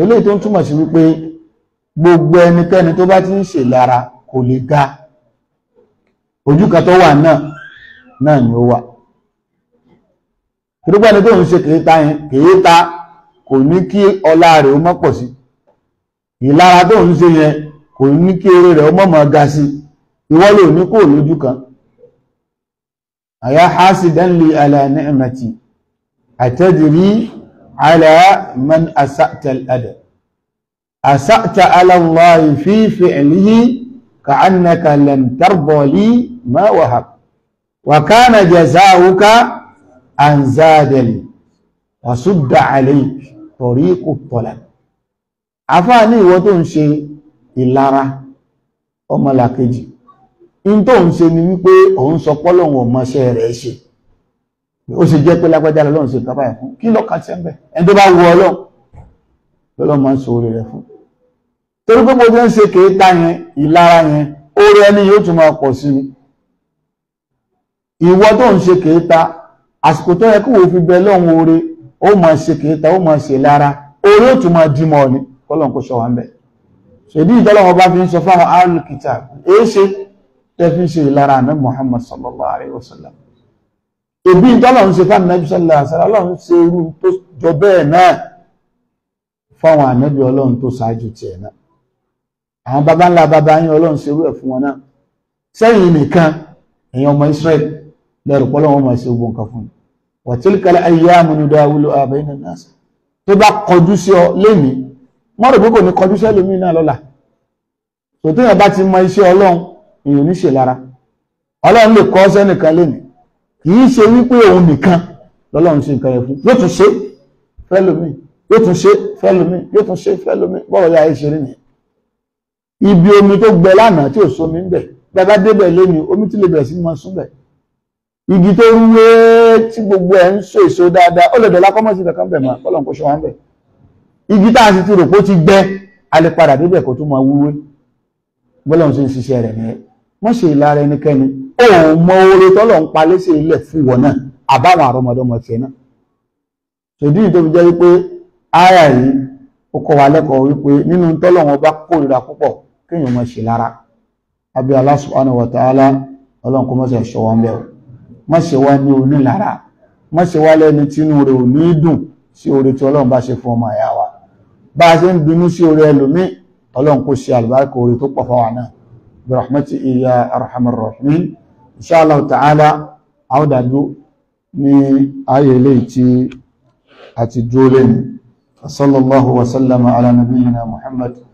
so lè tó ń gbogbo ẹnikẹ́ni tó bá ti ń se lára kò lè ga ojú kan tó wà náà náà ni ó wà torípẹ́ni tó ń ṣe kèéta yẹn kèéta kò ní kí ọlá rẹ̀ ó mọ́ pọ̀ sí ìlara tó ń ṣe yẹn kò ní kí eré rẹ̀ ó mọ́ mọ́ ga sí ní lójú kan àyà على من أسأت الأدب أسأت على الله في فعله كأنك لم ترضى لي ما وهب وكان جزاؤك أن زاد لي وسد عليك طريق الطلب àfáàní ìwọ tó ń ṣe ìlara ọmọlàkejì in tó ń ṣe ni wípé ó sì jẹ́ pé lágbájá lọ́lọ́run ṣe nǹkan báyìí fún kí lọ́ka ṣe ń bẹ̀ ẹni tó bá wu ọlọ́run lọ́lọ́run máa ń so oore rẹ̀ fún torí pé mo ti ń ṣe kéétà yẹn ìlara yẹn oore ẹni yóò tún máa pọ̀ sí i ìwọ tó ń ṣe kéétà àsìkò tó yẹ kí wò fi bẹ lọ́hùn oore ó máa ṣe kéétà ó máa ṣe lára oore ó tún máa dì mọ́ ni kọ́lọ́n kó sọ wá ń bẹ̀ ṣèdí ìtọ́lọ́wọ́ bá fi ń sọ fáwọn alkitab èéṣe tẹ́ fi ń ṣe ìlara àná Muhammad sallallahu alayhi wa sallam Ebi ìtọ́lọ̀ ń ṣe fún ànábì sọ́lá àṣàrà ọlọ́run ṣe irú tó jọ bẹ́ẹ̀ náà fáwọn ànábì ọlọ́run tó ṣáájú tiẹ̀ náà. Àwọn baba ńlá baba yín ọlọ́run ṣe irú ẹ̀ fún wọn náà. Sẹ́yìn nìkan èèyàn ọmọ Ísírẹ́lì lẹ́rù pọ́lọ́ wọn máa ṣe gbogbo nǹkan fún un. Wàtílkàlẹ̀ ayé àmúnudá wúlò àbẹ́yìn náà tó bá kọjú sí ọ lénìí, wọ́n pé kò ní kọjú sí ẹlòmíì náà lọ́la. Sòtúnyàn bá ti mọ iṣẹ́ ọlọ́run èèyàn ní kì í ṣe wípé òun nìkan lọ́lọ́run ṣe nǹkan yẹn fún yóò tún ṣe fẹ́lómìn yóò tún ṣe fẹ́lómìn yóò tún ṣe fẹ́lómìn bọ́ọ̀ ya ẹ ṣe rí nìyẹn ibi omi tó gbẹ lánàá tí ò sómi ń bẹ̀ bàbá débẹ̀ lónìí omi tí lè bẹ̀rẹ̀ sí máa sún bẹ̀ igi tó ń wé tí gbogbo ẹ̀ ń so èso dáadáa ó lè dọ̀la kọ́mọ́ sí kankan bẹ̀ mà kọ́lọ̀ kó ṣe wọn bẹ̀ igi tá a sì ti rò pé ó ti gbẹ a lè padà débẹ̀ kó tó máa wúwé bọ́lọ́run ṣe ń ṣiṣẹ́ rẹ̀ nìyẹn wọ́n ṣe ìlara ẹnikẹ́ni ó mọ oore tọ́lọ̀ ń pa léṣe ilẹ̀ fún wọn náà àbáwọn àrọmọdọ́mọ tiẹ̀ náà ṣèdí ìdó fi jẹ́ wípé ara yìí ó kọ́ wa lẹ́kọ̀ọ́ wípé nínú tọ́lọ̀ wọn bá kórìíra púpọ̀ kéèyàn mọ̀ ṣe lára abẹ́ Allah subhanahu wa ta'ala ọlọ́run kó mọ̀ṣẹ̀ ṣọ wọn bẹ́ẹ̀ mọ̀ ṣe wá ní onílára mọ̀ ṣe wá lẹ́ni tínú rẹ̀ ò ní dùn sí oore tí ọlọ́run bá ṣe fún ọmọ ẹ̀yà wa bá a ṣe ń dunú sí oore ẹlòmíì ọlọ́run kó ṣe àlùbáríkà oore tó pọ̀ fáwa náà برحمته يا أرحم الراحمين إن شاء الله تعالى عودة دو ni ayé ilé tí a ti dúró lẹ́nu. Sallallahu wa sallama ala nabiyyina Muhammad